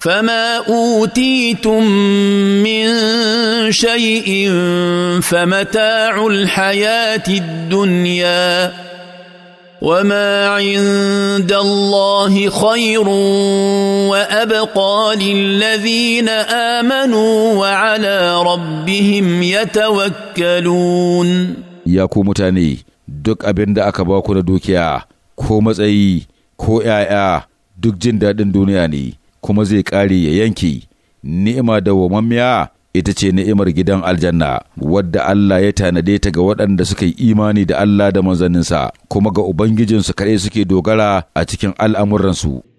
فما اوتيتم من شيء فمتاع الحياه الدنيا وما عند الله خير وابقى للذين امنوا وعلى ربهم يتوكلون يا كومتاني دك ابن دك ابوكو baku na كو ko matsayi دك ‘ya'ya دن jin kuma zai ƙare ya yanke ni'ima da dawwamammiya ita ce ni'imar gidan aljanna wadda Allah ya tanade ta ga waɗanda suka yi imani da Allah da manzanninsa kuma ga Ubangijinsu kaɗai suke dogara a cikin al'amuransu.